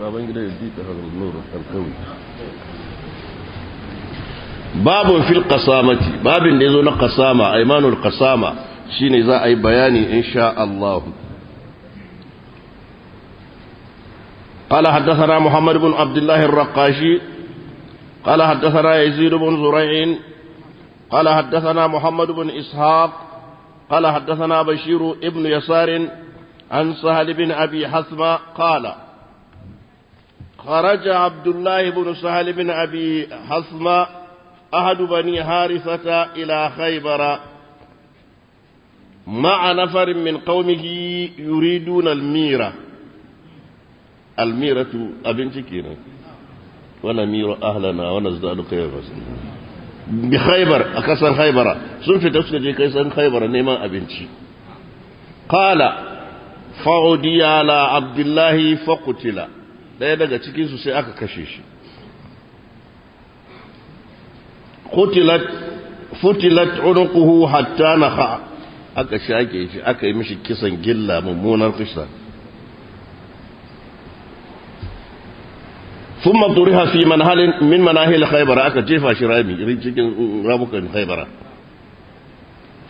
بابين قد يديك هذا النور القوي باب في القصامة باب نزول القصامة أيمان القصامة شي إذا أي بياني إن شاء الله قال حدثنا محمد بن عبد الله الرقاشي قال حدثنا يزيد بن زريع قال حدثنا محمد بن إسحاق قال حدثنا بشير ابن يسار عن سهل بن أبي حثمة قال خرج عبد الله بن سهل بن أبي حصم أحد بني حارثة إلى خيبر مع نفر من قومه يريدون الميرة الميرة أبنتكينا ونمير أهلنا ونزداد خيبر بخيبر أكسر خيبر سنفت أسكجي كيسر خيبر نيما أبنتي قال فعدي على عبد الله فقتل ɗaya daga cikinsu sai aka kashe shi futilat unuquhu hatta naha aka shake shi aka yi mishi kisan gilla mummunar kisa thumma turiha fi manhalin min manahil khaybara aka jefa shi rami cikin ramukan khaybara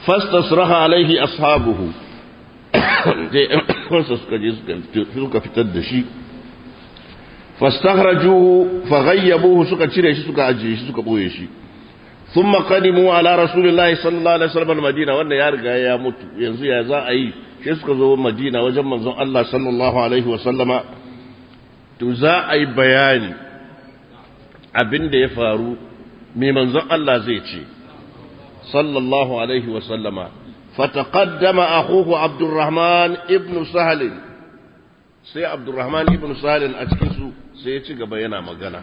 fastasraha alaihi ashabuhu sai suka je suka fitar da shi fastakhrajuhu faghayyabuhu suka cire shi suka ajiye shi suka boye shi thumma qadimu ala rasulillahi sallallahu alaihi wasallam madina wanda ya riga ya mutu yanzu ya za a yi sai suka zo madina wajen manzon Allah sallallahu alaihi wasallama to za a yi bayani abin da ya faru mai manzon Allah zai ce sallallahu alaihi wasallama fataqaddama akhuhu abdurrahman ibn sahl sai abdurrahman ibn Salim a cikinsu sai ya ci gaba yana magana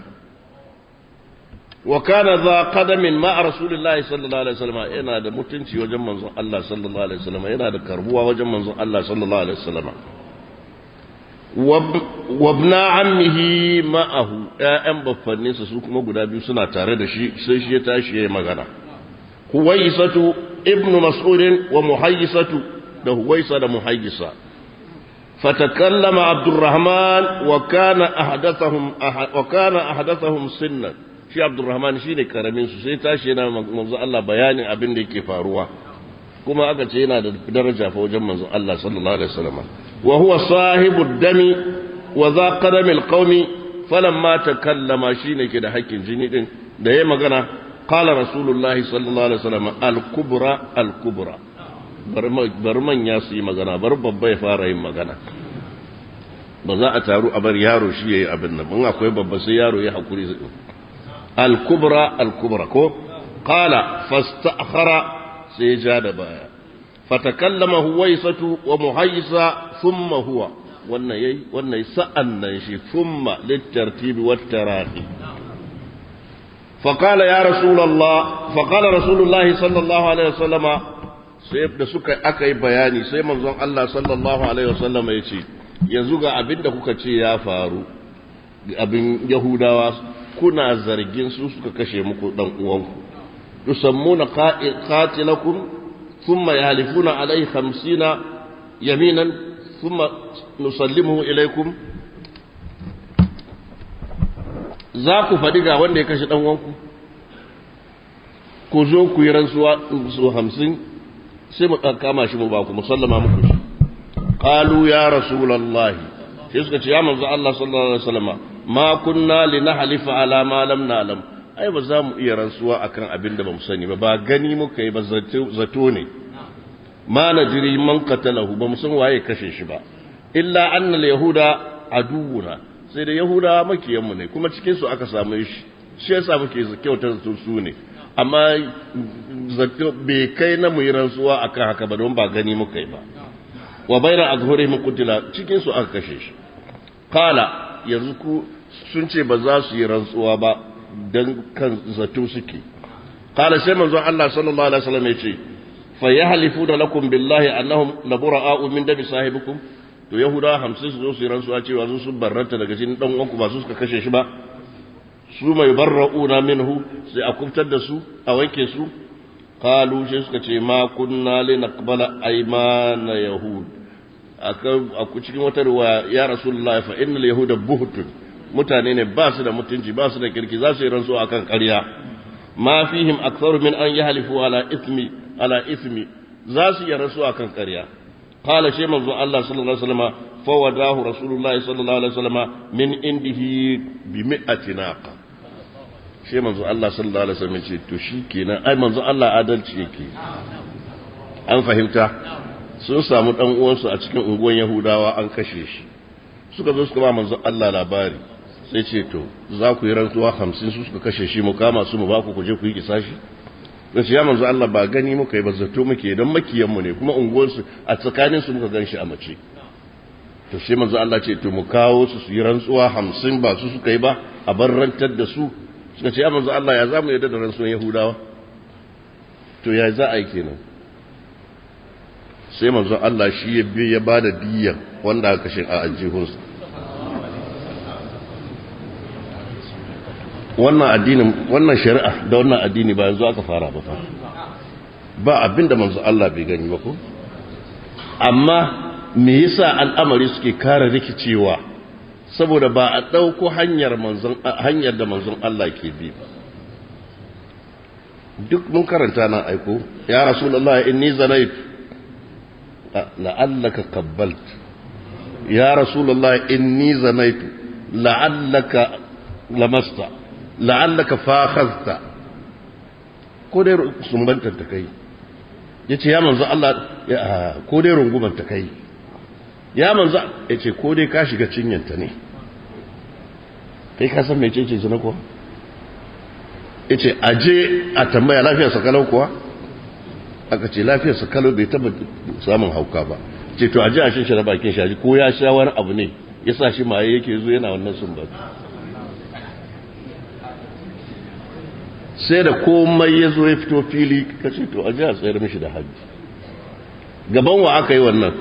wa kana za qadamin ma'a rasulillahi sallallahu alaihi wasallam yana da mutunci wajen manzon Allah sallallahu alaihi wasallam yana da karbuwa wajen manzon Allah sallallahu alaihi wasallam wabna ammihi ma'ahu ƴaƴan baffanninsa su kuma guda biyu suna tare da shi sai shi ya tashi ya magana huwaisatu ibnu mas'udin wa muhayyisatu da huwaisa da muhayyisa فتكلم عبد الرحمن وكان أحدثهم أح... وكان أحدثهم سنا shi abdurrahman shi ne su sai tashi yana manzo Allah bayanin abin da yake faruwa kuma aka ce yana da daraja fa wajen manzo Allah sallallahu alaihi wasallam wa huwa sahibu dami wa za qadami alqawmi falamma takallama shi ne ke da hakkin jini din da yayi magana qala rasulullahi sallallahu alaihi wasallam al-kubra al-kubra bar manya su yi magana bar babba ya fara yin magana ba za a taru a bar yaro shi ya yi abin nan in akwai babba sai yaro ya haƙuri zai al-kubra al-kubra ko qala fasta'khara sai ja da baya fatakallama huwaisatu wa muhaisa thumma huwa wannan yayi wannan sa'an nan shi thumma litartibi wat tarahi فقال يا رسول الله فقال رسول الله صلى الله عليه وسلم sai da suka aka yi bayani sai manzon Allah sallallahu alaihi wasallam ya ce yanzu ga abin da kuka ce ya faru abin yahudawa kuna zargin su suka kashe muku dan uwanku tusammuna qatilakum thumma yahlifuna alai 50 yaminan thumma nusallimu ilaikum za ku faɗi ga wanda ya kashe dan uwanku ku zo ku yi rantsuwa su hamsin sai mu kama shi mu ba ku musallama muku shi qalu ya rasulullahi sai suka ce ya manzo Allah sallallahu alaihi wasallama ma kunna linahlifa ala ma lam na'lam ai ba za mu iya rantsuwa akan abin da ba mu sani ba ba gani muka yi ba zato ne ma najri man qatalahu ba mu san waye kashe shi ba illa anna yahuda aduwuna sai da yahuda makiyanmu ne kuma cikin su aka samu shi shi yasa muke kyautar su ne amma zato bai kai na mu yi rantsuwa kan haka ba don ba gani muka yi ba wa bayna mu kutila cikin su aka kashe shi qala yanzu ku sun ce ba za su yi rantsuwa ba dan kan zato suke qala sai manzo Allah sallallahu alaihi wasallam ya ce fa yahlifu lakum billahi annahum labura'u min dabi sahibikum to yahuda hamsin su zo su yi rantsuwa cewa sun barrata daga cikin dan uwanku ba su suka kashe shi ba su mai barra'una minhu sai a kubtar da su a wanke su Kalu shi suka ce ma kunna linaqbala aymana yahud A ku cikin wata ruwa ya rasulullahi fa innal yahuda buhtun mutane ne ba su da mutunci ba su da kirki za su yi a akan ƙarya ma fihim aktharu min an yahlifu ala ismi ala ismi za su yi a akan ƙarya qala shi manzo Allah sallallahu alaihi wasallam fawadahu rasulullahi sallallahu alaihi wasallam min indihi bi mi'ati naqa sai manzo Allah sallallahu alaihi wasallam ce to shikenan ai manzo Allah adalci yake an fahimta sun samu dan uwansu a cikin unguwan Yahudawa an kashe shi suka zo suka ba manzo Allah labari sai ce to za ku yi rantsuwa hamsin su suka kashe shi mu kama su mu ba ku kuje ku yi shi da ya manzo Allah ba gani muka yi ba zato muke don makiyan mu ne kuma unguwarsu a tsakanin su muka ganshi a mace to sai manzo Allah ce to mu kawo su su yi rantsuwa hamsin ba su suka yi ba a barrantar da su suka ce a Allah ya za mu yadda da rantsuwar Yahudawa to ya za a yi kenan sai manzo Allah shi ya biya ya bada diyya wanda aka kashe a aljihunsa wannan shari'a da wannan addini ba yanzu aka fara ba ba abinda manzo Allah bai gani ba ko amma me yasa al'amari suke kara rikicewa saboda ba a ɗauko hanyar da manzon Allah ke bi ba duk mun karanta nan aiko ya rasu rasulullahi inni zanait la'allaka kabbalt. ya rasu in ni zanait la'allaka lamasta la'allaka fakhazta ko dai sumbantar ta kai ce ya manzo Allah ko dai rungumar ta kai ya manzo ce ko dai ka shiga cinyanta ne kai ka san mece ce zina kuwa ce aje a tambaya lafiyar su kalau kuwa aka ce lafiyar su kalau bai taba samun hauka ba ce to aje a raba bakin shi ko ya sha wani abu ne yasa shi maye yake zo yana wannan ba sai da komai ya zo ya fito fili Ka ce to aje a tsayar mishi da hajji gaban wa aka yi wannan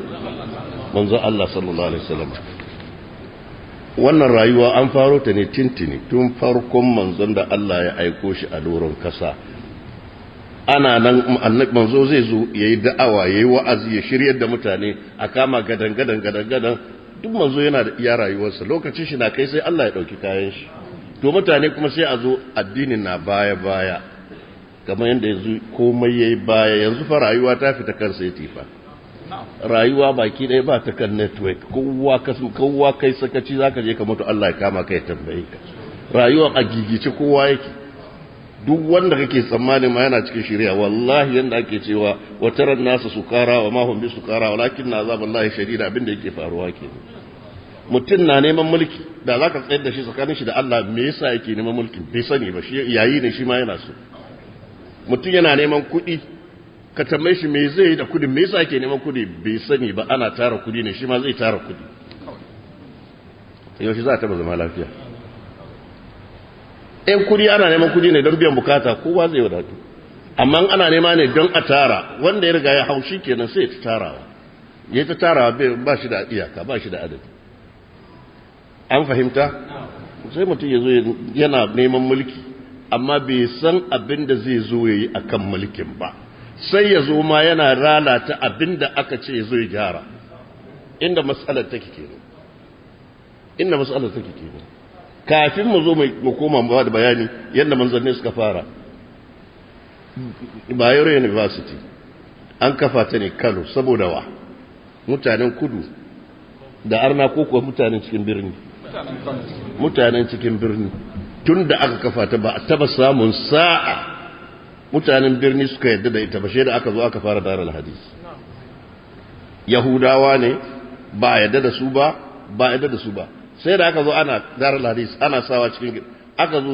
manzo Allah sallallahu alaihi wasallam wannan rayuwa an faro ta ne tintini tun farkon manzon da Allah ya aiko shi a doron kasa ana nan annabi manzo zai zo yayi da'awa yayi wa'azi ya shiryar da mutane a kama gadan gadan gadan gadan duk manzo yana da iya rayuwarsa lokacin shi na kai sai Allah ya dauki kayan shi to mutane kuma sai a zo addinin na baya baya kamar yadda yanzu komai yayi baya yanzu fa rayuwa ta fita kansa ya tifa rayuwa baki ɗaya ba ta kan network kowa ka kowa kai sakaci zaka je ka mutu Allah ya kama kai tambaye ka rayuwa a gigice kowa yake duk wanda kake tsammanin ma yana cikin shirya wallahi yanda ake cewa wa nasa nasu sukara wa ma su bi sukara walakin na azaballahi da abinda yake faruwa ke. mutum na neman mulki da za ka tsayar da shi tsakanin shi da Allah me yasa yake neman mulki bai sani ba shi yayi ne shi ma yana so mutum yana neman kuɗi ka tambaye shi me zai yi da kudin me yasa yake neman kudi bai sani ba ana tara kudi ne shi ma zai tara kudi yaushe za a taba zama lafiya ɗan kudi ana neman kudi ne don biyan bukata kowa zai wadatu amma ana nema ne don a tara wanda ya riga ya hau shi kenan sai ta tarawa ya ta tarawa ba shi da iyaka ba shi da adadi an fahimta sai mutum ya zo yana neman mulki amma bai san abin da zai zo ya yi a kan mulkin ba sai ya zo ma yana ralata abinda aka ce zai gyara inda matsalar take kenan inda matsalar take kenan kafin mu zo mu koma ba da bayani yadda manzanni suka fara Bayero University an kafa ta ne Kano saboda wa mutanen kudu da arna ko mutanen cikin birni mutanen cikin birni tun aka kafa ta ba a taba samun sa'a mutanen birni suka yadda da ita bashe da aka zo aka fara darar hadis yahudawa ne ba yadda da su ba ba yadda da su ba sai da aka zo ana darar hadis ana sawa cikin gida. aka zo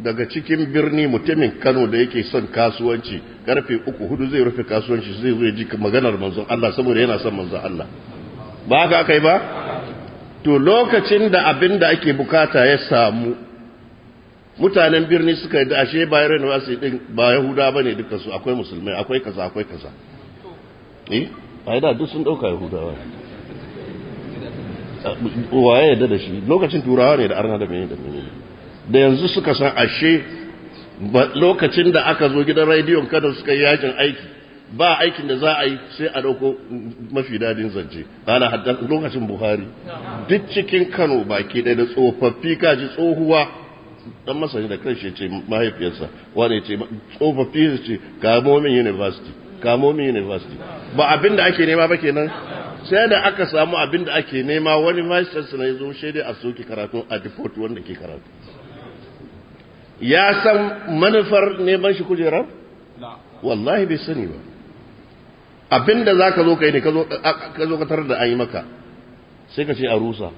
daga cikin birni mutumin kano da yake son kasuwanci karfe uku hudu zai rufe kasuwanci zai zo ya ji maganar manzon Allah saboda yana son manzon Allah ba haka aka yi ba to lokacin da abin da ake bukata ya samu mutanen birni suka yi ashe bayan wasu din ba yahuda ba ne su akwai musulmai akwai kaza akwai kaza eh a da duk sun ɗauka wa waye yadda da shi lokacin turawa ne da arna da menene da menene da yanzu suka san ashe lokacin da aka zo gidan rediyon kada suka yi yajin aiki ba aikin da za a yi sai a ɗauko mafi dadin zance ana haddar lokacin buhari duk cikin kano baki ɗaya da tsofaffi kaji tsohuwa dan masa da kanshi ce mahaifiyarsa wane ce tsofaffi ce kamomin university kamomin university ba abin da ake nema ba kenan sai da aka samu abin da ake nema wani vice na ya zo shaidai a soke karatu a deport wanda ke karatu ya san manufar neman shi kujerar wallahi bai sani ba abin da za ka zo kai ne ka zo ka tarar da an yi maka sai ka ce a rusa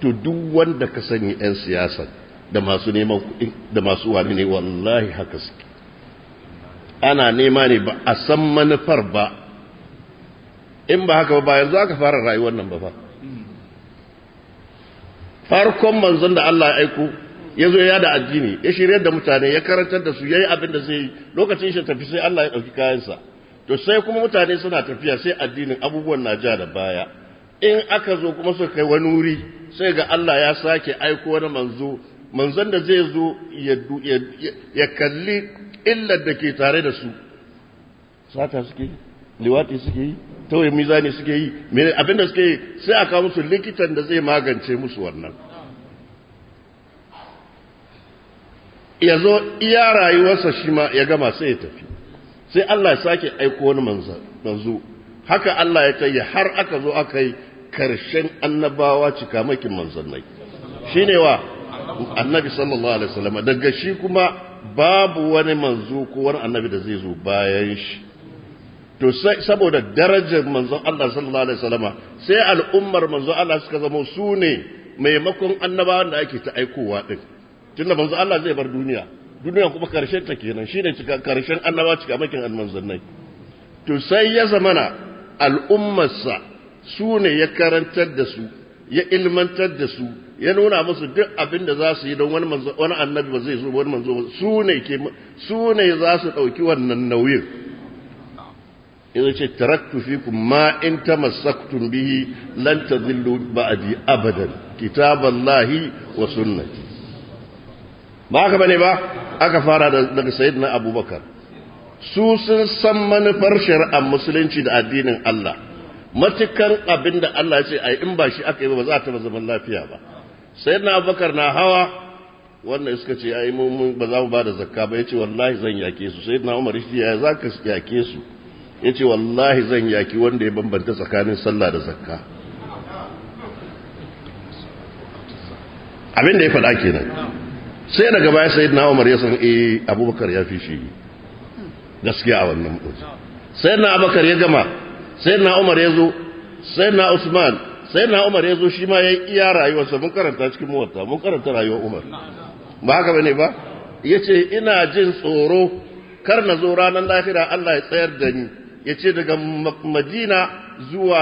to duk wanda ka sani 'yan siyasar da masu neman kuɗi da masu wani ne wallahi haka suke ana nema ne ba a san manufar ba in ba haka ba bayan za ka fara rayuwar nan ba fa farkon manzon da Allah ya aiko ya zo ya da addini ya shiryar da mutane ya karantar da su yayi yi abin da zai lokacin shi tafi sai Allah ya ɗauki kayansa to sai kuma mutane suna tafiya sai addinin abubuwan na ja da baya in aka zo kuma suka kai wani wuri sai ga Allah ya sake aiko wani manzo manzon da zai zo ya kalli illar da ke tare da su sata suke yi liwati suke yi tawai mizani suke yi abinda suke yi sai a kawo musu likitan da zai magance musu wannan ya zo iya rayuwarsa shi ma ya gama sai ya tafi sai Allah ya sake aiko wani manzo haka Allah ya kai har aka zo aka yi karshen annabawa cikamakin manzannai shine wa annabi sallallahu alaihi wasallam daga shi kuma babu wani manzo ko wani annabi da zai zo bayan shi to saboda darajar manzon Allah sallallahu alaihi wasallam sai al'ummar manzon Allah suka zama su ne maimakon annabawan da ake ta aikowa din tunda manzon Allah zai bar duniya duniya kuma karshen ta kenan shi ne karshen annaba cika makin almanzannai to sai ya zamana al'ummarsa su ne ya karantar da su ya ilmantar da su ya nuna musu duk abin da za su yi don wani annabi ba zai zo wani manzo su ne ke su ne za su dauki wannan nauyin in ce fi fikum ma in ta tamassaktum bihi lan tadillu ba'di abadan lahi wa sunnati ba haka bane ba aka fara daga na abubakar su sun san manufar shari'ar musulunci da addinin Allah matukan abin da Allah ya ce ai in ba shi aka yi ba za ta zaman lafiya ba na abubakar na hawa wannan suka ce ai mun ba za mu ba da zakka ba yace wallahi zan yake su na umar shi ya za ka yake su yace wallahi zan yake wanda ya bambanta tsakanin sallah da zakka abin da ya faɗa kenan sai daga baya na umar ya san eh abubakar ya fi shi gaskiya a wannan sai na abubakar ya gama Na umar ya zo na usman sai na umar ya zo shi ma ya iya rayuwarsa mun karanta cikin muwatta mun karanta rayuwar umar ba haka bane ba ya ina jin tsoro kar na zo ranar lahira allah ya tsayar da ni ya ce daga madina zuwa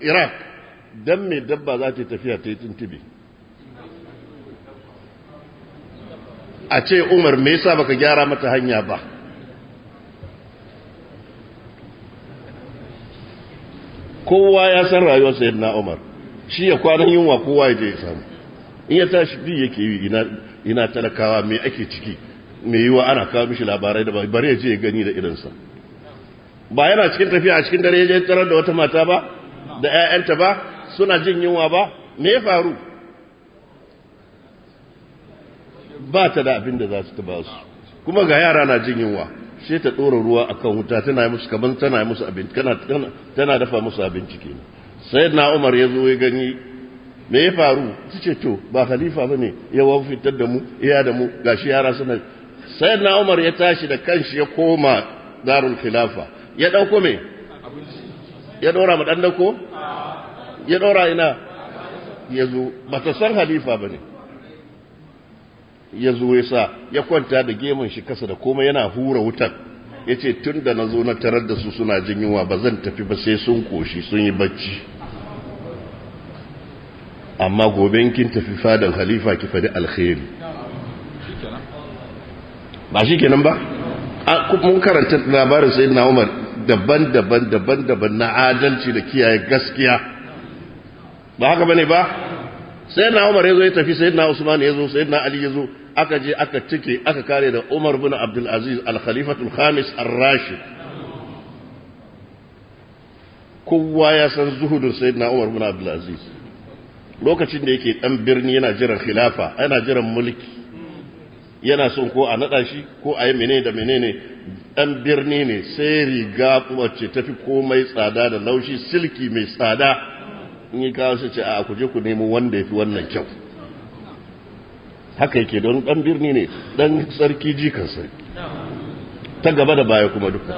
iraq Dan mai dabba za ta tafiya ta yi tuntubi a ce umar me yasa baka gyara mata hanya ba kowa ya san rayuwar na Umar shi ya kwanan yunwa kowa ya je ya samu in ya tashi bi yake yi ina talakawa me ake ciki me yiwa ana kawo mishi labarai da bari ya je ya gani da irinsa ba yana cikin tafiya a cikin dare ya je tarar da wata mata ba da ƴaƴanta ba suna jin yunwa ba me ya faru ba ta da abin da za su ta ba su kuma ga yara na jin yunwa sai ta ɗora ruwa a kan wuta tana musu kaman tana musu abinci tana dafa musu abinci kenan sai na umar ya zo ya gani me ya faru su ce to ba khalifa ba ne ya fitar da mu iya da mu gashi yara suna sai na umar ya tashi da kanshi ya koma darul khilafa ya ɗauko me ya ɗora ma ɗan ya ɗora ina ya zo ba ta san halifa ba ne ya zo ya sa ya kwanta da gemun shi kasa da komai yana hura wutar ya ce tun da na zo na tarar da su suna jin yunwa ba zan tafi ba sai sun koshi sun yi bacci amma gobe kin tafi fadan halifa ki fadi alkhairi ba shi kenan ba mun karanta labarin sai na umar daban-daban daban-daban na adalci da kiyaye gaskiya ba haka bane ba na Umar zo ya tafi na Usman sai na Ali ya zo aka je aka cike aka kare da Umar bin Abdul Aziz al khalifatul al-Khamis ar-Rashid kowa ya san sai na Umar bin Abdul Aziz lokacin da yake dan birni yana jiran khilafa yana jiran mulki yana son ko a nada shi ko a yi menene da menene dan birni ne sai riga wacce tafi komai tsada da laushi silki mai tsada in yi kawo shi ce a kuje ku nemo wanda ya fi wannan kyau haka yake don dan birni ne dan sarki jikan sarki ta gaba da baya kuma duka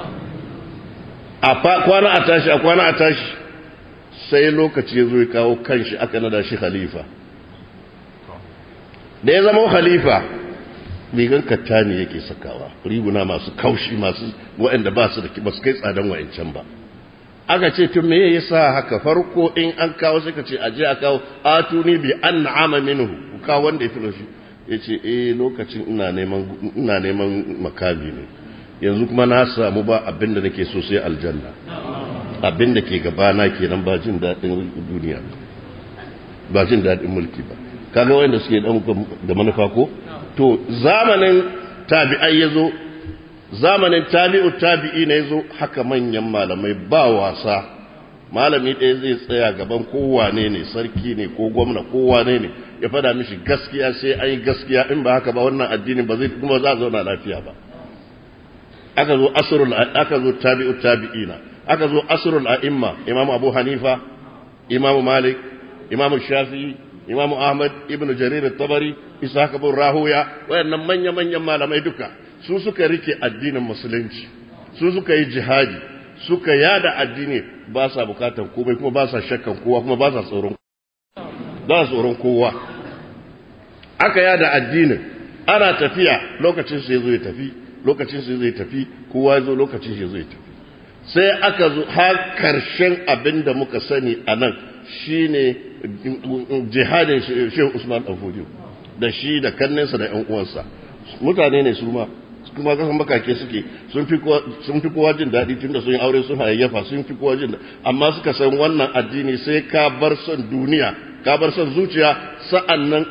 a kwana a tashi a kwana a tashi sai lokaci ya zo ya kawo kanshi aka nada shi khalifa da ya zama khalifa rigan ne yake sakawa riguna masu kaushi masu waɗanda ba su da kai tsadan wa'ancan ba aka ce tun me yasa haka farko in an kawo suka ce aje a kawo atuni bi an'ama minhu ka wanda ya filo shi yace eh lokacin ina neman ina makami ne yanzu kuma na samu ba abinda nake so sai aljanna abinda ke gaba na kenan ba jin daɗin duniya ba jin daɗin mulki ba kaga wanda suke dan da manufa ko to zamanin tabi'ai zo. zamanin tabi'u tabi'i ne zo haka manyan malamai ba wasa malami ɗaya zai tsaya gaban kowane ne sarki ne ko gwamna kowane ne ya fada mishi gaskiya sai an yi gaskiya in ba haka ba wannan addini ba zai kuma za a zauna lafiya ba aka zo asrul aka zo tabi'u tabi'ina aka zo asrul a'imma imam abu hanifa imam malik imam shafi'i imam ahmad ibnu jarir at-tabari ishaq Rahoya, rahuya wayannan manya manyan malamai duka su suka rike addinin musulunci su suka yi jihadi suka yada addini ba sa bukatan komai kuma ba sa shakkan kowa kuma ba sa tsoron ba tsoron kowa aka yada addinin ana tafiya lokacin su yazo ya tafi lokacin su zai tafi kowa yazo lokacin shi zai tafi sai aka zo har karshen abin da muka sani a nan shine jihadin Shehu Usman Danfodiyo da shi da kannensa da ƴan uwansa mutane ne su ma kuma kasan bakake suke sun fi kowa jin daɗi tunda sun yi aure sun hayayyafa sun fi kowa jin amma suka san wannan addini sai ka bar son duniya ka bar son zuciya sa'an nan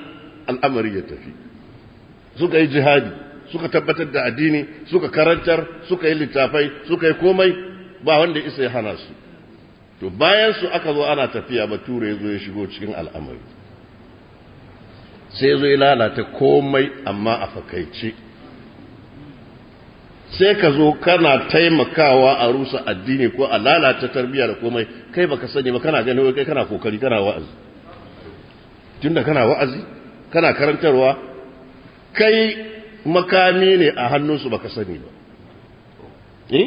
al'amari ya tafi suka yi jihadi suka tabbatar da addini suka karantar suka yi littafai suka yi komai ba wanda isa ya hana su to bayan su aka zo ana tafiya ba ya zo ya shigo cikin al'amari sai zo ya lalata komai amma a fakaice sai ka zo kana taimakawa a rusa addini ko a lalata tarbiyya da komai kai baka sani ba kana gani kai kana kokari kana wa'azi tunda kana wa'azi kana karantarwa kai makami ne a hannunsu baka sani ba eh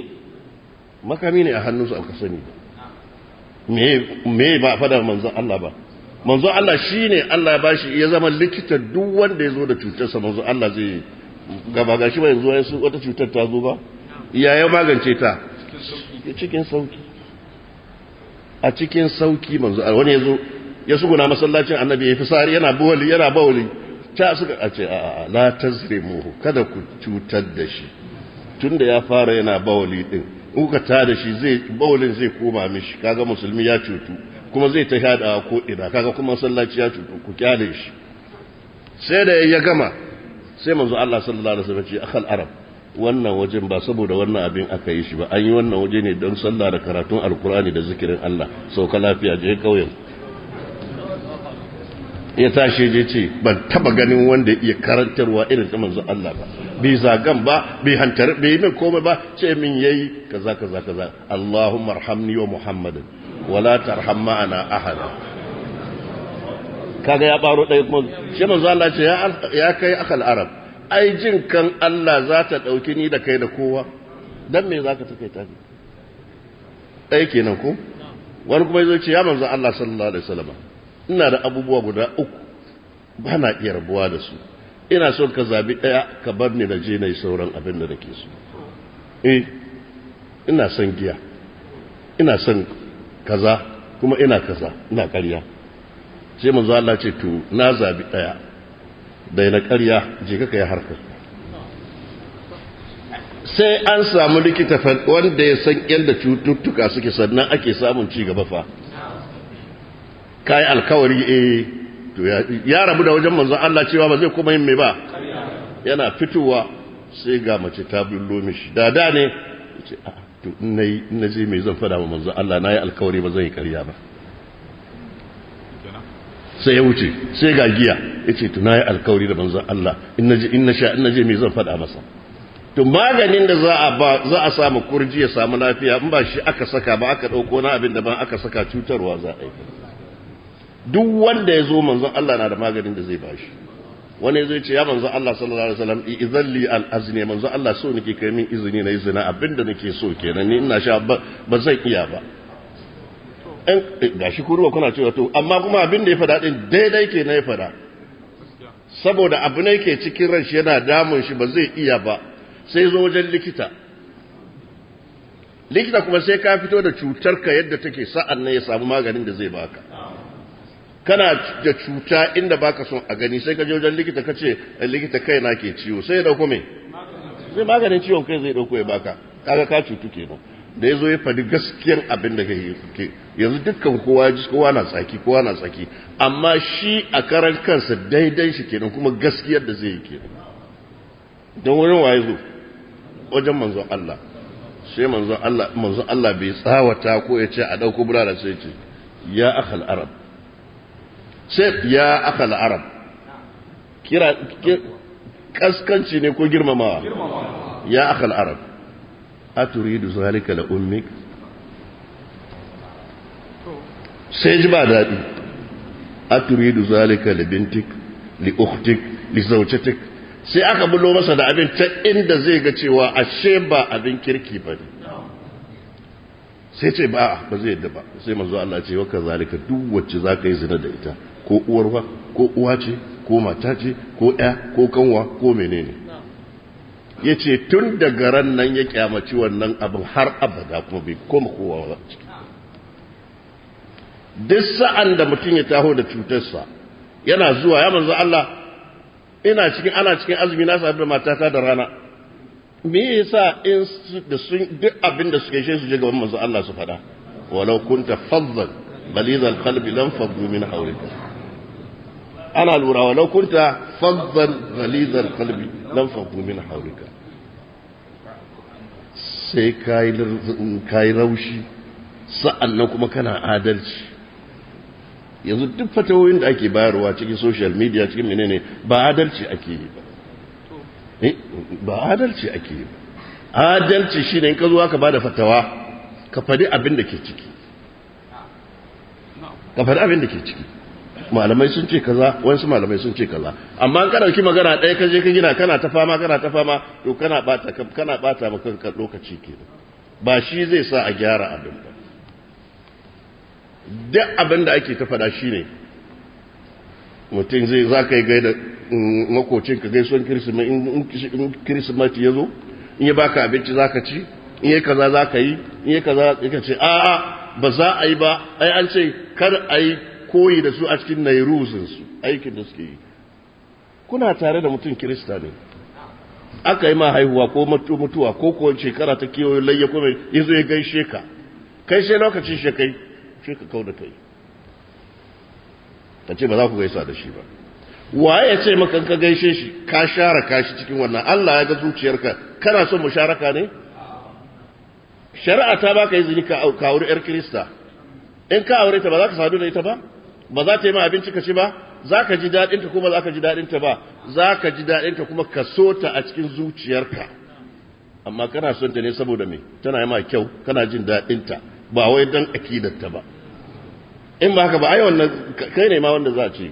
makami ne a hannunsu baka sani ba me me ba fada manzo Allah ba manzo Allah shine Allah ya bashi ya zama likita duk wanda ya zo da cutarsa manzo Allah zai gaba gashi ba yanzu wani wata cutar ta zo ba iyayen magance ta cikin sauki a cikin sauki manzo wani yanzu ya guna masallacin annabi ya sari yana bawali yana bawali ta suka a ce a'a la muku kada ku cutar da shi tunda ya fara yana bawali din kuka ta da shi zai bawalin zai koma mishi kaga musulmi ya cutu kuma zai ta hada ko ina kaga kuma masallaci ya cutu ku kyale shi sai da ya gama sai manzo Allah sallallahu alaihi wasallam ce akal arab wannan wajen ba saboda wannan abin aka yi shi ba an yi wannan waje ne don sallah da karatun alkur'ani da zikirin Allah sauka lafiya je kauyen ya tashi je ce ban taba ganin wanda iya karantarwa irin ta manzo Allah ba bi zagan ba bi hantar bi min komai ba ce min yayi kaza kaza kaza Allahumma arhamni wa Muhammadan wala tarham ma'ana ahada kaga ya baro ɗaya kuma shi manzo Allah ce ya kai akal arab ai jin kan Allah za ta ɗauki ni da kai da kowa dan me zaka ka kai ta ni ɗaya kenan ko wani kuma yazo ce ya manzo Allah sallallahu alaihi wasallam ina da abubuwa guda uku bana na iya rabuwa da su ina son ka zabi ɗaya ka bar ni da je na yi sauran abin da nake so eh ina son giya ina son kaza kuma ina kaza ina ƙarya sai zo Allah ce to na zabi daya dai na ƙarya je ka kai harkar sai an samu likita wanda ya san yadda cututtuka suke sannan ake samun ci gaba fa kai alkawari eh to ya rabu da wajen manzon Allah cewa ba zai kuma yin me ba yana fitowa sai ga mace ta bullo mishi da da ne ce a ah, to in nayi in naje me zan fada wa manzon Allah nayi alkawari ba zan yi ƙarya ba sai ya wuce sai ga giya ya ce tuna ya alkawari da manzan Allah in na sha in je mai zan faɗa masa to maganin da za a ba za a samu kurji ya samu lafiya in ba shi aka saka ba aka ɗauko na abin da ban aka saka cutarwa za a yi duk wanda ya zo manzon Allah na da maganin da zai ba shi wani zai ce ya manzon Allah sallallahu alaihi wasallam idan li al azni manzon Allah so nake kai min izini na izina abinda nake so kenan ni ina sha ba zan iya ba Eh, shi kuruwa kuna cewa to amma kuma abin da ya fada din daidai ke na ya fada saboda abu ne ke cikin ran shi yana damun shi ba zai iya ba sai zo wajen likita likita kuma sai ka fito da cutar ka yadda take sa'an nan ya samu maganin da zai baka kana da cuta inda baka son a gani sai ka je wajen likita kace eh, likita kai na ke ciwo sai ya dauko me sai maganin ciwon kai zai dauko ya baka kaga ka cutu kenan da ya zo ya faɗi gaskiyar abin da ke yanzu dukkan kowa ji kowa na tsaki kowa na tsaki amma shi a karan kansa daidai shi kenan kuma gaskiyar da zai yi kenan don wurin waye zo wajen manzon Allah sai manzon Allah manzon Allah bai tsawata ko ya ce a dauko burara sai ce ya akhal arab sai ya akhal arab kira kaskanci ne ko girmamawa ya akhal arab aturidu zalika la ummik sai ji ba daɗi aturidu zalika la bintik li ukhtik li zawjatik sai aka bulo masa da abin ta inda zai ga cewa ashe ba abin kirki ba ne sai ce ba ba zai yadda ba sai manzo Allah ce wa kazalika duk wacce zaka yi zina da ita ko uwarwa ko uwa ce ko mata ce ko ɗa ko kanwa ko menene ya ce tun daga ran nan ya kyamaci wannan abin har abada kuma bai koma kowa ba duk sa'an da mutum ya taho da cutarsa yana zuwa ya manzo Allah ina cikin ana cikin azumi na sabu da matata da rana me yasa in da duk abin da suke shi su je gaban manzo Allah su faɗa walau kunta fazzan balizal qalbi lam faddu min ana lura wa laukunta fazzan ghalizal qalbi lam fadu min hawlika sai kai raushi sa'annan kuma kana adalci yanzu duk fatawoyin da ake bayarwa cikin social media cikin menene ba adalci ake yi ba eh, ba adalci ake yi ba adalci shine in ka zo aka bada fatawa ka fadi abin da ke ciki ka faɗi abin da ke ciki malamai sun ce kaza wasu malamai sun ce kaza amma an karauki magana ɗaya ka je ka gina kana ta fama kana ta fama to kana bata kana bata maka kanka lokaci kenan ba shi zai sa a gyara abin ba duk abin da ake ta faɗa shine mutum zai za ka yi gaida mm, ka gaisuwan kirsimati in kirsimati ya zo in ya baka abinci za ka ci in yi kaza za ka yi in yi kaza za ka ce a'a ba za a yi ba ai an ce kar a yi koyi da su a cikin nairuzinsu aikin da suke yi kuna tare da mutum kirista ne aka yi ma haihuwa ko mutuwa ko kuwa shekara ta kewaye layya ko mai yazo ya gaishe ka kai sai lokacin shekai shi ka kau da kai ta ce ba za ku gaisa da shi ba waye ya ce maka ka gaishe shi ka share kashi cikin wannan Allah ya ga zuciyarka kana son musharaka ne shari'a ta baka izini ka auri yar kirista in ka aure ta ba za ka sadu da ita ba ba za ta yi ma abinci ka ci ba za ka ji daɗinta kuma za ka ji daɗinta ba za ka ji daɗinta kuma ka so ta a cikin zuciyarka amma kana son ta ne saboda me tana yi ma kyau kana jin daɗinta ba wai don akidarta ba in ba haka ba ai wannan kai ne ma wanda za a ce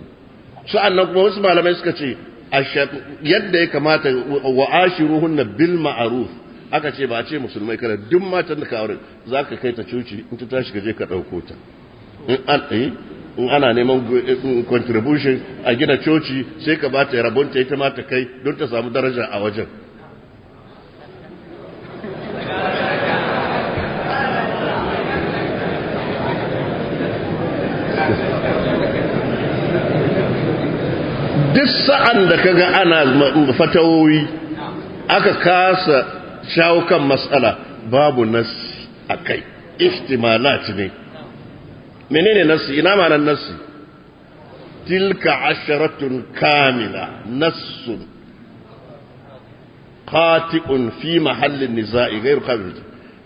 sa'an nan kuma wasu malamai suka ce yadda ya kamata wa na bil ma'aruf aka ce ba a ce musulmai kada duk matan da ka aure za ka kai ta cuci in ta tashi ka je ka ɗauko ta in an eh? in ana neman eh, contribution a gina coci sai ka bata rabonta ita ma ta kai don ta samu daraja a wajen duk sa'an da ka ga ana fatawoyi aka kasa shawo kan matsala babu nas a kai istimalat ne menene nassi ina ma'anar nassi tilka asharatun kamila nassun qati'un fi mahallin niza'i ghairu qabil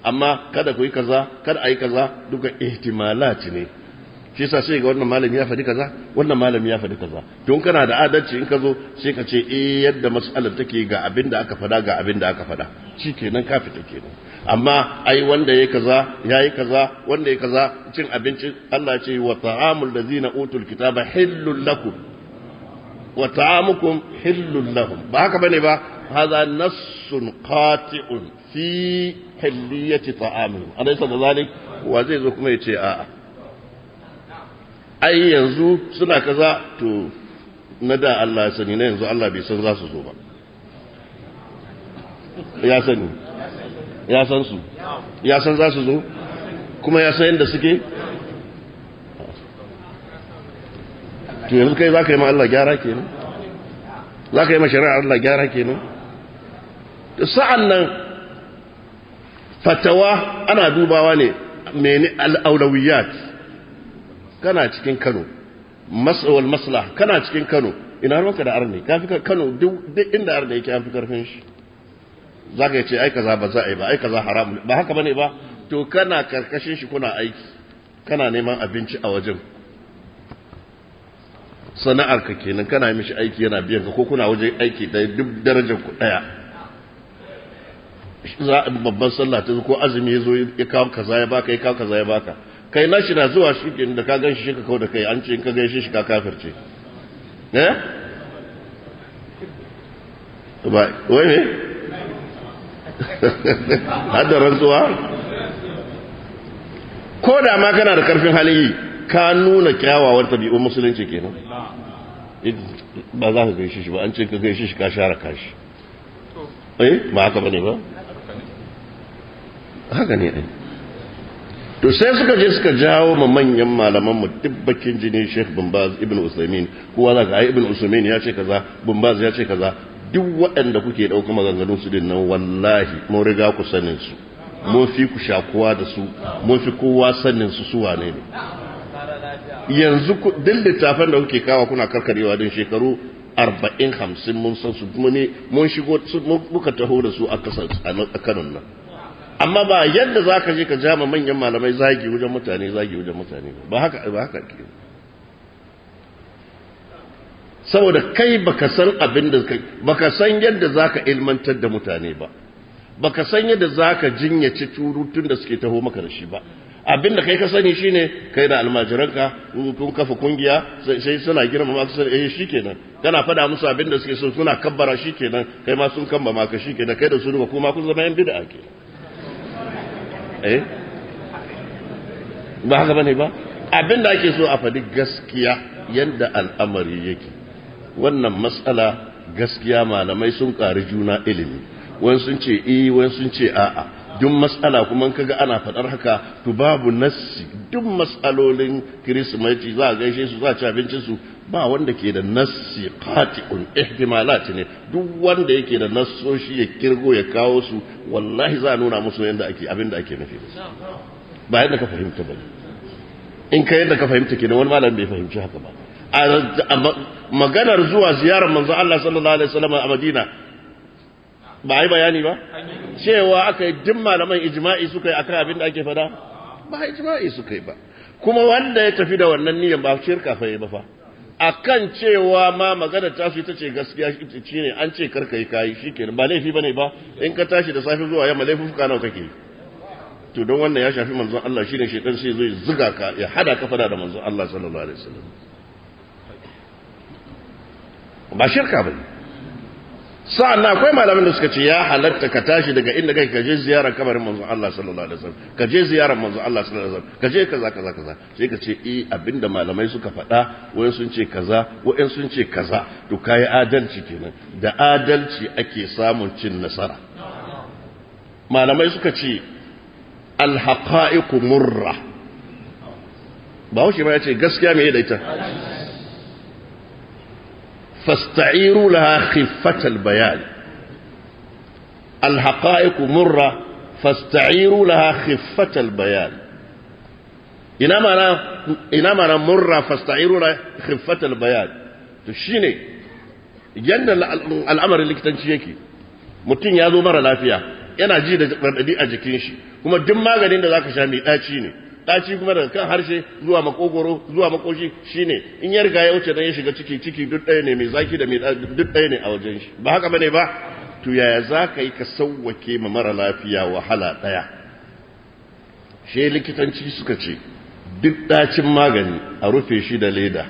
amma kada ku yi kaza kada ayi kaza duka ihtimalat ne shi yasa sai ga wannan malami ya faɗi kaza wannan malami ya faɗi kaza don kana da adalci in ka zo sai ka ce eh yadda mas'alar take ga abin da aka faɗa ga abin da aka faɗa shikenan ka fita kenan amma ai wanda ya kaza yayi kaza wanda ya kaza cin abinci Allah ce wa ta'amul ladzina utul kitaba hillul lakum wa ta'amukum hillul lahum ba haka bane ba hadha nassun qati'un fi halliyati ta'amihim alaysa dhalik wa zai zo kuma yace a'a ai yanzu suna kaza to na da Allah sani na yanzu Allah bai san za su zo ba ya sani ya san su ya san za su zo kuma ya san yadda suke to yanzu kai za ka yi ma Allah gyara ke nan, za ka yi ma shari'ar Allah gyara ke Da sa'an nan fatawa ana dubawa ne mene al'aulawiyat kana cikin Kano masawal maslah kana cikin Kano ina ruwanka da arne kafi Kano duk inda arne yake an fi karfin shi za ka ce ai kaza ba za a yi ba ai kaza haramu ba haka bane ba to kana karkashin shi kuna aiki kana neman abinci a wajen sana'ar ka kenan kana mishi aiki yana biyan ka ko kuna wajen aiki da duk darajar ku daya za a babban sallah ta ko azumi ya zo ya kawo kaza ya baka ya kawo kaza ya baka kai nashi na zuwa shi ke da ka ganshi shi ka kawo da kai an ce in ka ganshi shi ka kafirce eh ba wai ne hadda rantsuwa ko da ma kana da karfin halayi ka nuna kyawawar tabi'un musulunci kenan ba za ka gaishe shi ba an ce ka gaishe shi ka share kashi eh ba haka bane ba haka ne ai to sai suka je suka jawo ma manyan malaman mu dubbakin jini Sheikh Bin Baz Ibn Usaymin kowa zaka ai Ibn Usaymin ya ce kaza Bin Baz ya ce kaza duk waɗanda kuke ɗauka maganganunsu su din nan wallahi mun riga ku sanin su mun fi ku shakuwa da su mun fi kowa sanin su su wane ne yanzu duk littafan da kuke kawa kuna karkarewa din shekaru arba'in hamsin mun san su kuma ne mun shigo muka taho da su a kanon nan amma ba yadda za ka je ka jama manyan malamai zagi wajen mutane zagi wajen mutane ba haka ba haka ke saboda kai baka san abin da baka san yadda zaka ilmantar da mutane ba baka san yadda zaka jinyace turutun da suke taho maka da shi ba abin da kai ka sani shine kai da almajiranka kun kafa kungiya sai suna girma ma kusa eh shikenan kana fada musu abin da suke so suna kabbara shikenan kai ma sun kamba maka shikenan kai da su ba kuma kun zama yan bid'a ke eh ba haka bane ba abin da ake so a faɗi gaskiya yanda al'amari yake wannan matsala gaskiya malamai sun ƙari juna ilimi wani sun ce eh wani sun ce a'a duk matsala kuma kaga ana faɗar haka to babu nassi duk matsalolin kirismeti za a gaishe su za a ci abincin su ba wanda ke da nassi qati'un ihtimalat ne duk wanda yake da nassoshi ya kirgo ya kawo su wallahi za a nuna musu yanda ake abin da ake nufi ba yadda ka fahimta ba in ka yadda ka fahimta kenan wani malam bai fahimci haka ba maganar zuwa ziyarar manzo Allah sallallahu alaihi wasallam a Madina ba ai bayani ba cewa aka yi duk malaman ijma'i suka yi akan abin da ake fada ba ijma'i suka yi ba kuma wanda ya tafi da wannan niyyar ba shirka fa yi ba fa akan cewa ma magana ta su ita ce gaskiya shi ne an ce karka yi kayi shikenan ba laifi bane ba in ka tashi da safe zuwa yamma laifuka fuka nawa kake to don wannan ya shafi manzon Allah shine shedan sai zai zuga ka ya hada ka fada da manzon Allah sallallahu alaihi wasallam ba shirka ba sa'an na akwai malamin da suka ce ya halatta ka tashi daga inda kai ka je ziyarar kabarin manzon Allah sallallahu alaihi wasallam ka je ziyarar manzon Allah sallallahu alaihi wasallam ka je kaza kaza kaza sai ka ce e, eh, abinda malamai suka faɗa wayan sun ce kaza wayan sun ce kaza to kai adalci kenan da adalci ake samun cin nasara malamai suka ce alhaqaiqu murra ba wuce ba ya ce gaskiya me da ita فاستعيروا لها خفة البيان الحقائق مرة فاستعيروا لها خفة البيان إنما أنا إنما أنا مرة فاستعيروا لها خفة البيان تشيني جن الأمر اللي كتنشيكي متين يا ذو مرة لا فيها أنا جيد أجي كنشي وما دم ما قد إنه ذاك شامي أشيني daci kuma daga kan harshe zuwa makogoro zuwa makoshi shine in ya riga ya wuce dan ya shiga ciki ciki duk ɗaya ne mai zaki da mai duk ɗaya ne a wajen shi ba haka bane ba to yaya za ka yi ka sauwake ma mara lafiya wahala ɗaya she likitanci suka ce duk ɗacin magani a rufe shi da leda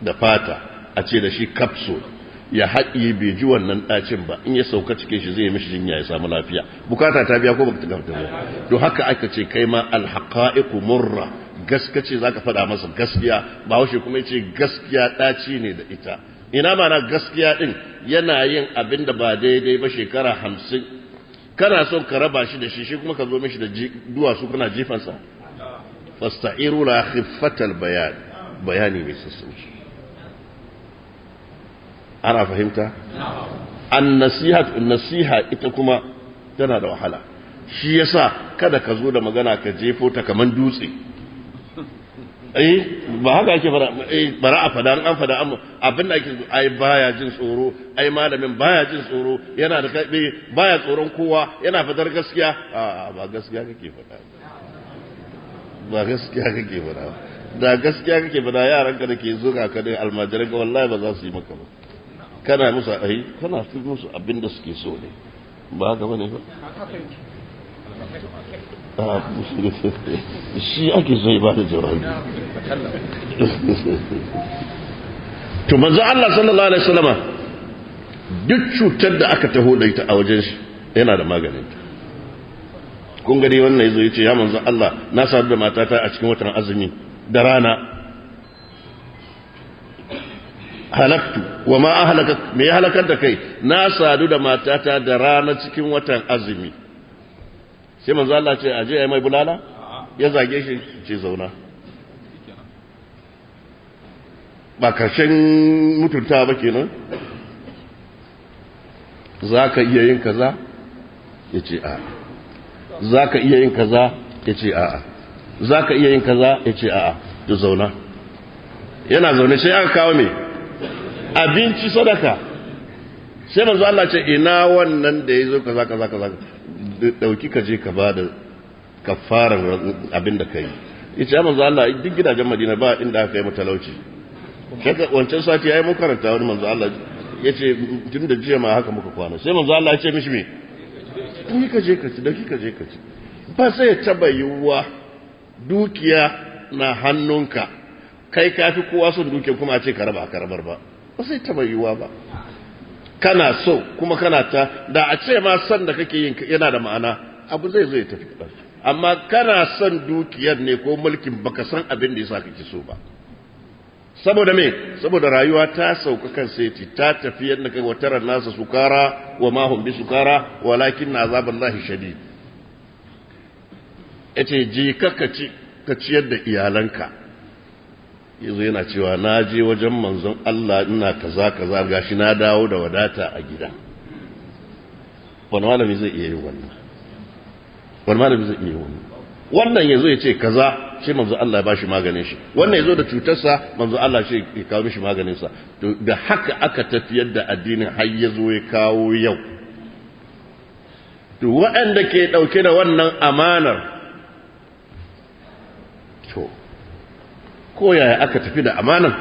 da fata a ce da shi capsule ya haɗiye bai ji wannan ɗacin ba in ya sauka cikin shi zai mishi jinya ya samu lafiya bukata ta biya ko ba ta gafta ba don haka aka ce kai ma alhaqaiqu murra za zaka faɗa masa gaskiya ba washe kuma yace gaskiya ɗaci ne da ita ina mana gaskiya din yana yin abin da ba daidai ba shekara hamsin kana son ka raba shi da shi shi kuma ka zo mishi da duwatsu kana jifansa fasta'iru la khiffatal bayan bayani mai sassauci ana fahimta nasiha ita kuma tana da wahala shi yasa kada ka zo da magana ka jefo ta kaman dutse eh ba haka ake fara eh bara a fada an fada amma abin da ake ai baya jin tsoro ai malamin baya jin tsoro yana da kai eh, baya tsoron kowa yana fadar gaskiya a ba gaskiya kake fada ba gaskiya kake fada da gaskiya kake fada yaran ka da ke zuga ka da almajiran ka wallahi ba za su yi maka ba kana musu ai kana fi musu abin da suke so ne ba haka bane ba ah, shi ake so ba da jawabi to manzo Allah sallallahu alaihi wasallama duk cutar da aka taho da ita a wajen shi yana da maganin ta kun gani wannan yazo yace ya manzo Allah na sadu da matata a cikin watan azumi da rana halaktu wa ma ahlaka me ya halakar da kai na sadu da matata da rana cikin watan azumi sai manzo Allah ce aje ai mai bulala ya zage shi ce zauna ba karshen mutunta ba kenan zaka iya yin kaza yace a zaka iya yin kaza yace a'a zaka iya yin kaza yace a'a to zauna yana zaune sai aka kawo me abinci sadaka sai manzo Allah ce ina wannan da yazo kaza kaza kaza dauki ka je ka bada kafarar abin da kai yace manzo Allah duk gidajen Madina ba inda aka yi matalauci kaga wancan sati yayi mu karanta wani manzo Allah yace tun da jiya ma haka muka kwana sai manzo Allah ya ce mishi me dauki ka je ka ci dauki ka je ka ci ba sai ya taba yiwuwa dukiya na hannunka kai kafi kowa son dukiya kuma a ce ka raba ka rabar ba ba sai taba ba kana so kuma kana ta da a ce ma san da kake yin yana da ma'ana abu zai zai tafi amma kana son dukiyar ne ko mulkin baka san abin da yasa kake so ba saboda me saboda rayuwa ta sauka kan ta tafi yadda kai wataran nasa sukara wa ma hum bi sukara walakin azaban lahi shadid yace ji ka ka ci ka ciyar da iyalanka yanzu yana cewa na je wajen manzon Allah ina kaza kaza gashi na dawo da wadata a gida wani malami zai iya yin wannan wani malami zai iya yin wannan wannan yanzu ya ce kaza shi manzo Allah ya bashi maganin shi wannan yazo da cutarsa manzo Allah shi ya kawo mishi maganin sa da haka aka tafiyar da addinin har yazo ya kawo yau to waɗanda ke ɗauke da wannan amanar to Koyaya aka tafi da amanar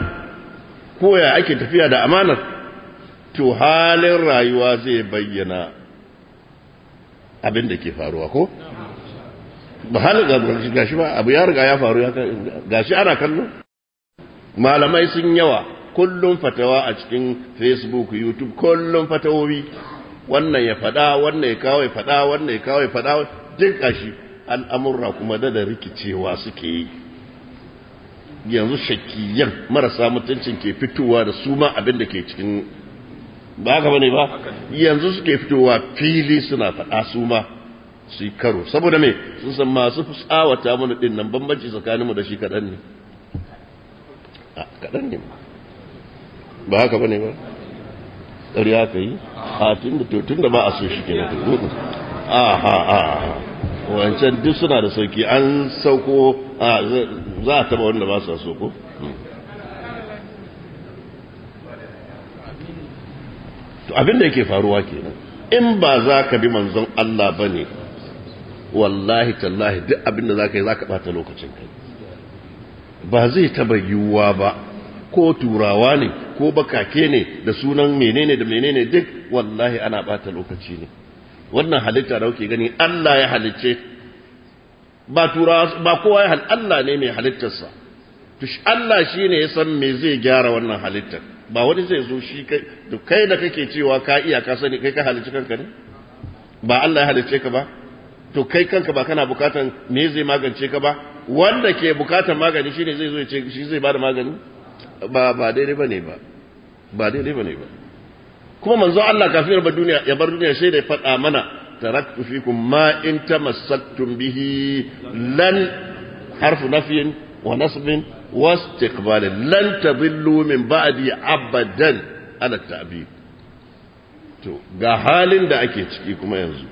ko ake tafiya da amanar to halin rayuwa zai bayyana abin da ke faruwa ko ba halin gashi ba abu ya riga ya faru ya gashi ana kallo malamai sun yawa kullum fatawa a cikin facebook youtube kullum fatawowi wannan ya fada wannan ya kawo ya fada wannan ya kawo ya fada duk gashi al'amurra kuma da rikicewa suke yi yanzu shakiyan marasa mutuncin ke fitowa da su ma abin da ke cikin ba haka bane ba yanzu suke fitowa fili suna faɗa su ma su yi karo saboda me sun san masu tsawata mana din nan bambanci tsakanin mu da shi kaɗan ne kaɗan ne ba haka bane ba ɗari ka yi a tun da ba a so shi ke na a ha a wancan duk suna da sauki an sauko za a taba wanda ba su sauko hmm. to abin da yake faruwa kenan in ba za ka bi manzon Allah ba ne wallahi tallahi duk abin za ka yi za ka ɓata lokacin kai ba zai taba yiwuwa ba ko turawa ne ko bakake ne da sunan menene da menene duk wallahi ana ɓata lokaci ne wannan halitta da kuke gani Allah ya halicce ba tura ba kowa ya hal Allah ne mai halittarsa to Allah shine ya san me zai gyara wannan halittar ba wani zai zo shi kai to kai da kake cewa ka iya ka sani kai ka halicci kanka ne ba Allah ya halicce ka ba to kai kanka ba kana bukatan me zai magance ka ba wanda ke bukatan magani shine zai zo ya ce shi zai bada magani ba ba daidai bane ba ba daidai bane ba kuma manzo Allah kafin ya bar duniya ya bar duniya sai da ya faɗa mana taraktu fikum ma in tamassaktum bihi lan harfu nafyin wa nasbin wa istiqbalin lan tadillu min ba'di abadan ala ta'bid to ga halin da ake ciki kuma yanzu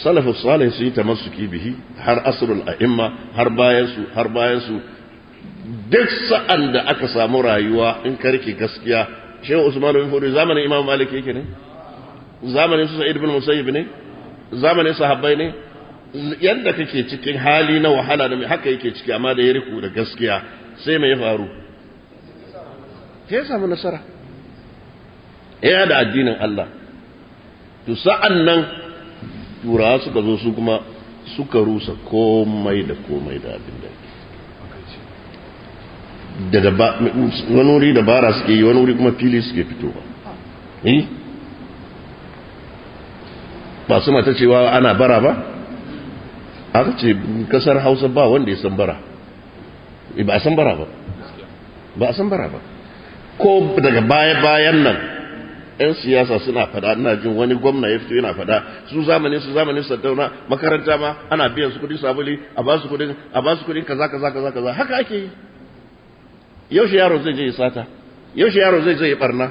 salafus salih sun yi tamassuki bihi har asrul a'imma har bayan su har bayan su duk sa'an da aka samu rayuwa in karki gaskiya shehu usman bin fudu zamanin imam malik yake ne zamanin su sa'id bin musayyib ne zamanin sahabbai ne yadda kake cikin hali na wahala da mai haka yake ciki amma da ya riku da gaskiya sai mai faru ya samu nasara ya da addinin Allah to sa'an nan turawa suka zo su kuma suka rusa komai da komai da abin da da wani wuri dabara suke yi wani wuri kuma fili suke fitowa eh ba su mata cewa ana bara ba aka ce kasar hausa ba wanda ya san bara eh, ba a san bara ba ba a san bara ba ko daga baya-bayan nan 'yan siyasa suna fada ina jin wani gwamna ya fito yana fada su zamanin su zamanin sadauna makaranta ma ana biyan su kudi sabuli a ba su kudin kaza kaza kaza kaza haka ake yi yaushe yaro zai je ya sata yaushe yaro zai je ya barna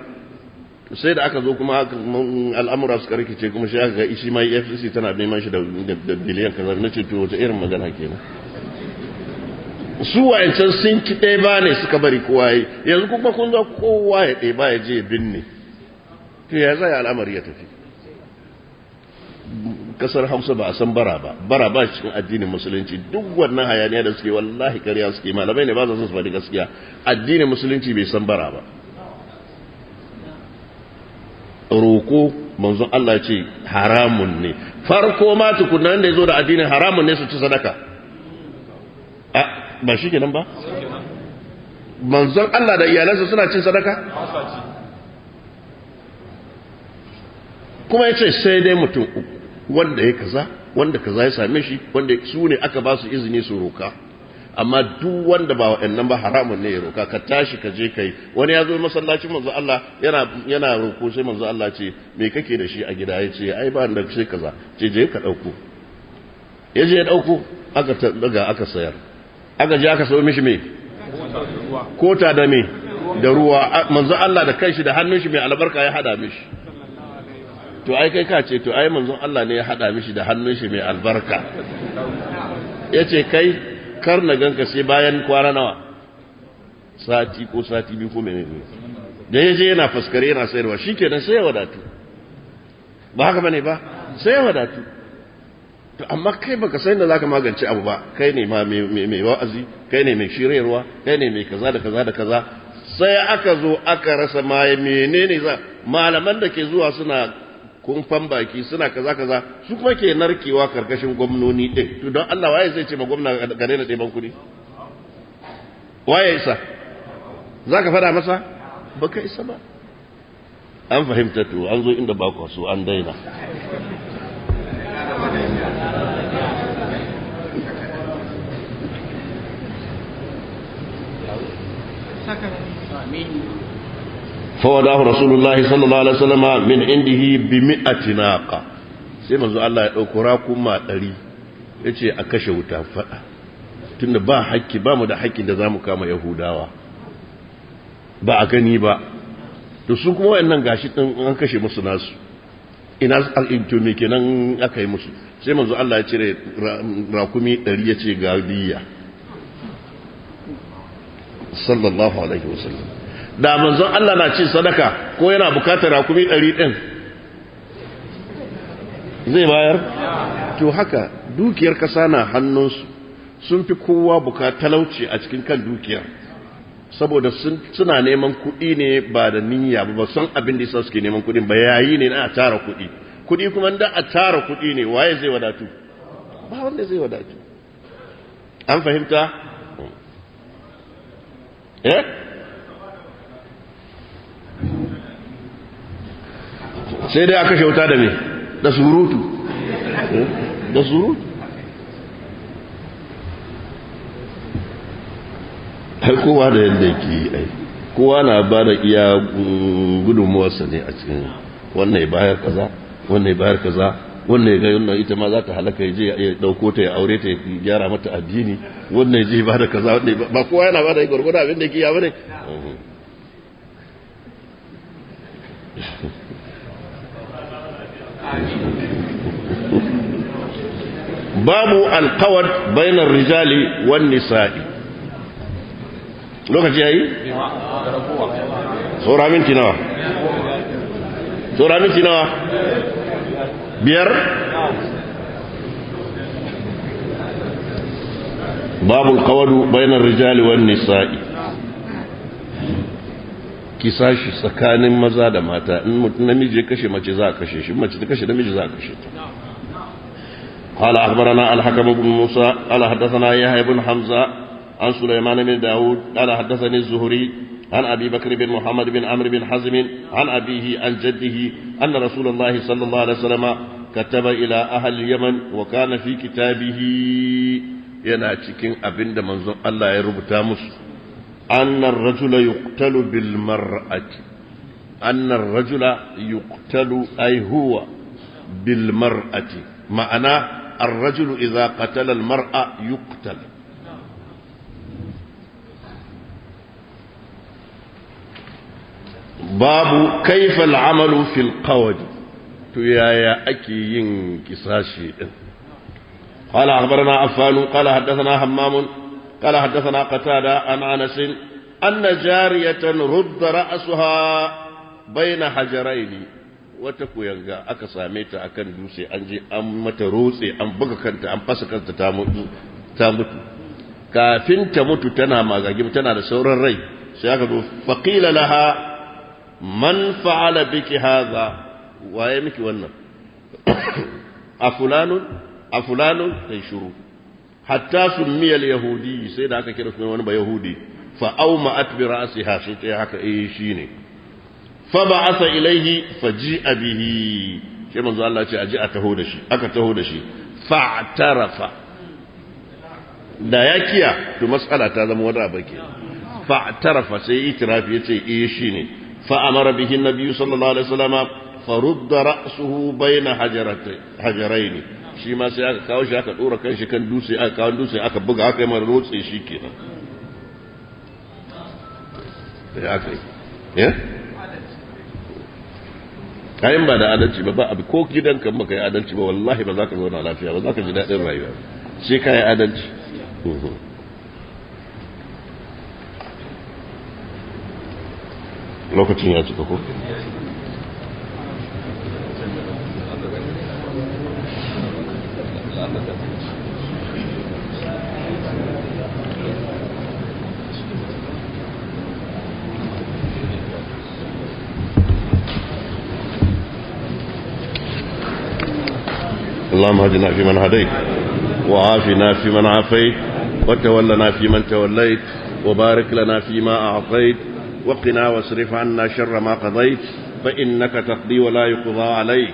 sai da aka zo kuma al'amura suka rikice kuma shi aka ga shi mai e fcc tana neman shi da biliyan kazar na ceto wata irin magana kenan su wayancan sun ki ɗaya ba ne suka bari kowa yi yanzu kuma kun zo kowa ya ɗaya ba ya je ya binne to ya zai al'amari ya tafi kasar hausa ba a san bara ba bara ba cikin addinin musulunci duk wannan hayaniya da suke wallahi karya suke malamai ne ba za su faɗi gaskiya addinin musulunci bai san bara ba roko manzon Allah ce haramun ne farko ma tukunan da ya zo da addinin haramun ne su ci sadaka a ba shi kenan ba manzon Allah da iyalansa suna cin sadaka kuma ya ce sai dai mutum uku wanda ya kaza wanda kaza ya same shi wanda su ne aka ba su izini su roka amma duk wanda ba wa'annan ba haramun ne ya roka ka tashi ka je kai wani ya zo masallacin manzo Allah yana yana roko sai manzo Allah ce me kake da shi a gida ya ce ai ba da shi kaza ce je ka dauko ya je ya dauko aka daga aka sayar aka je aka sayo mishi me kota da me da ruwa manzo Allah da kanshi da hannun shi mai albarka ya hada mishi to ai kai ka ce to ai manzon Allah ne ya hada mishi da hannun shi mai albarka yace kai kar na ganka sai bayan kwana nawa sati ko sati biyu ko menene da yaje yana fuskare yana sayarwa shikenan sai ya wadatu ba haka bane ba sai ya wadatu to amma kai baka san da zaka magance abu ba kai ne ma mai wa'azi kai ne mai shirayarwa kai ne mai kaza da kaza da kaza sai aka zo aka rasa ma menene za malaman da ke zuwa suna Kun fan baki suna kaza kaza su kuma ke narkewa karkashin gwamnoni din to don Allah waye zai ce ma gwamna ga daina ɗeban kuɗi waye isa zaka fada masa baka isa ba an fahimta to an zo inda ba ku so an daina Amin. fawadahu rasulullahi sallallahu alaihi wasallam min indihi bi mi'ati naqa sai manzo Allah ya dauko rakuma 100 yace a kashe wuta fada tunda ba hakki ba mu da hakkin da zamu kama yahudawa ba a gani ba to su kuma wayannan gashi din an kashe musu nasu ina to me kenan aka yi musu sai manzo Allah ya cire rakumi 100 yace ga diya sallallahu alaihi wasallam da manzon Allah na cin sadaka ko yana bukatar rakumi ɗari ɗin zai bayar to haka dukiyar kasa na hannunsu sun fi kowa buka talauci a cikin kan dukiyar saboda suna neman kuɗi ne ba da niyya ba ba san abin da suke neman kuɗi ba yayi ne na a tara kuɗi kuɗi kuma da a tara kuɗi ne waye zai wadatu ba wanda zai wadatu an fahimta eh sai dai aka shauta da me da surutu da surutu har kowa da yadda ke yi ai kowa na ba da iya mm, gudunmuwarsa ne a cikin wannan ya bayar kaza wannan ya bayar kaza wannan ya ga wannan ita ma za ta halaka ya je ya dauko ta ya aure ta ya gyara mata addini wannan ya je ba da kaza wannan ba kowa yana ba da gwargwada abin da yake ya bane babu alkawar bainar rijali wan nisa'i lokaci yayi yi? minti tinawa nawa biyar babu alkawar bainar rijali wan nisa'i kisashi tsakanin maza da mata in mutum namiji ya kashe mace za a kashe shi mace ta kashe namiji za a kashe ta قال أخبرنا الحكم بن موسى قال حدثنا يحيى بن حمزة عن سليمان بن داود قال حدثني الزهري عن أبي بكر بن محمد بن عمرو بن حزم عن أبيه عن جده أن رسول الله صلى الله عليه وسلم كتب إلى أهل اليمن وكان في كتابه ينا cikin abin da manzon Allah ya rubuta musu أن الرجل يقتل بالمرأة أن الرجل يقتل أي هو بالمرأة معناه الرجل إذا قتل المرأة يقتل باب كيف العمل في القود يا أكي ينكساشي قال أخبرنا عفان قال حدثنا همام قال حدثنا قتادة عن أنس أن جارية رد رأسها بين حجرين وتكو ينقى أكا ساميتا أكا نجوسي أنجي أم متروسي أم بقى كنت أم بس كنت تاموت كافين تموت تنا ما غاجب تنا لسور الري سيأكدو فقيل لها من فعل بك هذا ويمك ونم أفلان أفلان تيشروك hatta summiyal yahudi sai da aka kira su wani ba yahudi fa auma'at bi ra'siha shi ta haka eh shine fa ba ba'asa ilaihi faji'a bihi sai manzo Allah ce aji a taho da shi aka taho da shi Fa tarafa. da ya kiya to mas'ala ta zama wani abu ke tarafa sai itirafi yace eh shine fa amara bihi annabi sallallahu alaihi wasallama farudda ra'suhu baina hajaratain shi ma sai aka kawo shi aka dora kan shi kan dutse aka kawo dutse aka buga aka yi mara rotse shi nan sai aka yi ya yi ba da adalci ba ba abu ko gidan kan maka yi adalci ba wallahi ba za ka zauna lafiya ba za ka ji daɗin rayuwa sai ka yi adalci lokacin ya cika ko اللهم اهدنا فيمن هديت وعافنا فيمن عافيت وتولنا فيمن توليت وبارك لنا فيما أعطيت وقنا واصرف عنا شر ما قضيت فإنك تقضي ولا يقضى عليك